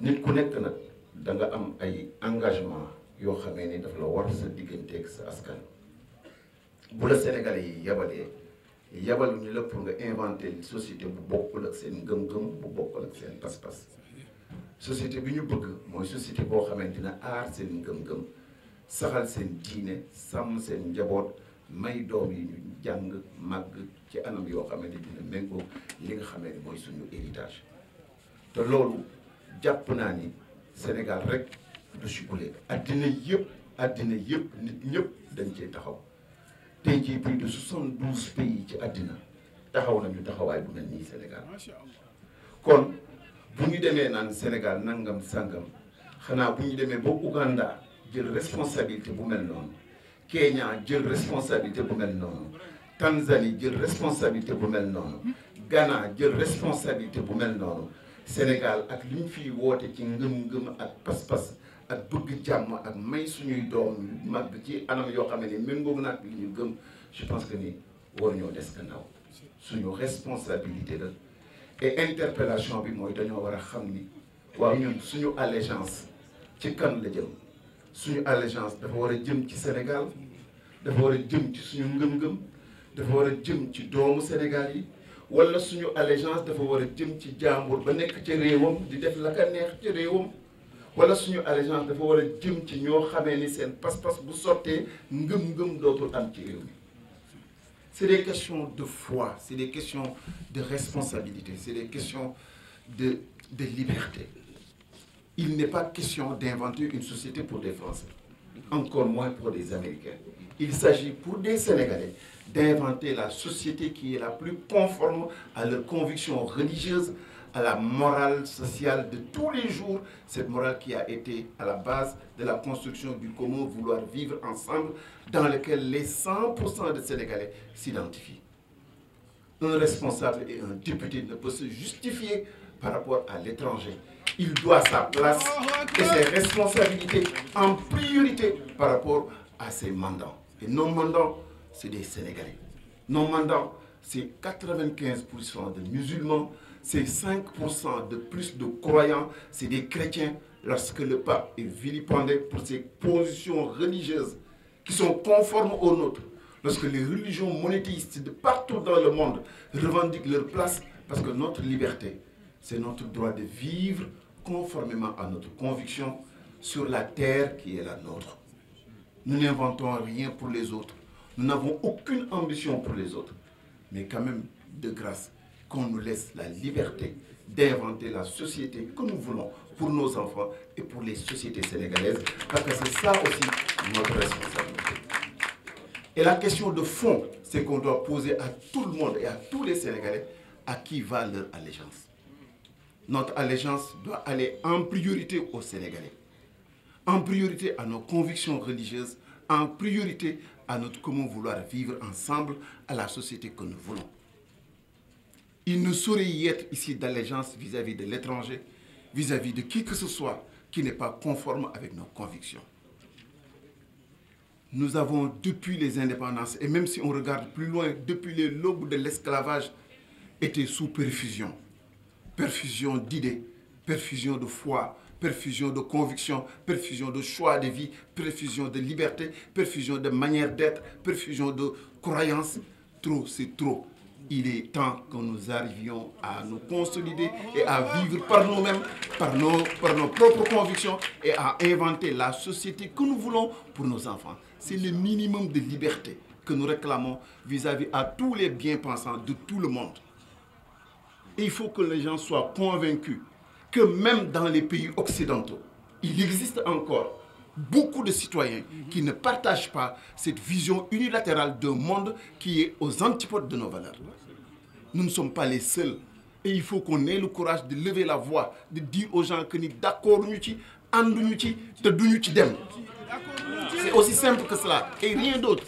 nit ku nekk nag da am ay engagement yoo xamee ni daf la war sa digganteeg sa askan bu la Sénégalais yi yabalee yabal ñu la pour nga inventer société bu bokkul ak seen ngëm-ngëm bu bokkul ak seen pas-pas société bi ñu bëgg mooy société boo xamante dina aar seen ngëm-ngëm saxal seen diine sàmm seen njaboot may doom yi ñu jàng màgg ci anam yoo xamante dina méngoo li nga xamee ni mooy suñu héritage te loolu jàpp Sénégal rek du sukule addina yëpp addina yëpp nit ñëpp dañ cee taxaw tey jii plus de 72 pays ci adina taxaw nañu taxawaay bu Sénégal kon bu ñu dans Sénégal nangam sangam xanaa bu ñu demee ba Ouganda jël responsabilité pour mel Kenya jël responsabilité pour mel Tanzanie jël responsabilité pour mel Ghana jël responsabilité pour mel Sénégal ak liñ fi fiy ci ngëm-ngëm ak pas-pas ak bëgg jamm ak may suñuy doom mag ci anam yo xam ne méngóog na ak li ñu gëm je pense que ni war ñoo dess gannaaw suñu responsabilité la et interpellation bi moy dañoo wara a xam ni waaw ñun suñu allégeance ci kan la jëm suñu allégeance dafa war a jëm ci Sénégal dafa war a jëm ci suñu ngëm-ngëm dafa war a jëm ci doomu Sénégal yi wala suñu allégeance dafa war a jëm ci jàmbur ba nekk ci réewam di def la ka neex ci réewam wala suñu allégeance dafa war a jëm ci ñoo xamee ni seen pas-pas bu sottee ngëm-ngëm dootul am ci réew mi c'est des questions de foi c'est des questions de responsabilité c'est des questions de de liberté il n'est pas question d'inventer une société pour des Français encore moins pour des Américains il s'agit pour des Sénégalais d'inventer la société qui est la plus conforme à leurs convictions religieuses, à la morale sociale de tous les jours, cette morale qui a été à la base de la construction du commun vouloir vivre ensemble, dans lequel les 100% de Sénégalais s'identifient. Un responsable et un député ne peut se justifier par rapport à l'étranger. Il doit sa place et ses responsabilités en priorité par rapport à ses mandants. Et non c'est des Sénégalais. non mandants, c'est 95% de musulmans, c'est 5% de plus de croyants, c'est des chrétiens. Lorsque le pape est vilipendé pour ses positions religieuses qui sont conformes aux nôtres, lorsque les religions monothéistes de partout dans le monde revendiquent leur place, parce que notre liberté, c'est notre droit de vivre conformément à notre conviction sur la terre qui est la nôtre. Nous n'inventons rien pour les autres. Nous n'avons aucune ambition pour les autres. Mais quand même, de grâce, qu'on nous laisse la liberté d'inventer la société que nous voulons pour nos enfants et pour les sociétés sénégalaises, parce que c'est ça aussi notre responsabilité. Et la question de fond, c'est qu'on doit poser à tout le monde et à tous les Sénégalais à qui va leur allégeance. Notre allégeance doit aller en priorité aux Sénégalais en priorité à nos convictions religieuses, en priorité à notre comment vouloir vivre ensemble à la société que nous voulons. Il ne saurait y être ici d'allégeance vis-à-vis de l'étranger, vis-à-vis de qui que ce soit qui n'est pas conforme avec nos convictions. Nous avons depuis les indépendances, et même si on regarde plus loin, depuis les lobes de l'esclavage, été sous perfusion. Perfusion d'idées, perfusion de foi, perfusion de convictions, perfusion de choix de vie, perfusion de liberté, perfusion de manière d'être, perfusion de croyances. Trop, c'est trop. Il est temps que nous arrivions à nous consolider et à vivre par nous-mêmes, par nos, par nos propres convictions et à inventer la société que nous voulons pour nos enfants. C'est le minimum de liberté que nous réclamons vis-à-vis -à, tous les bien-pensants de tout le monde. il faut que les gens soient convaincus que même dans les pays occidentaux, il existe encore beaucoup de citoyens qui ne partagent pas cette vision unilatérale d'un monde qui est aux antipodes de nos valeurs. Nous ne sommes pas les seuls. Et il faut qu'on ait le courage de lever la voix, de dire aux gens que nous sommes d'accord, nous sommes d'accord, nous sommes C'est aussi simple que cela et rien d'autre.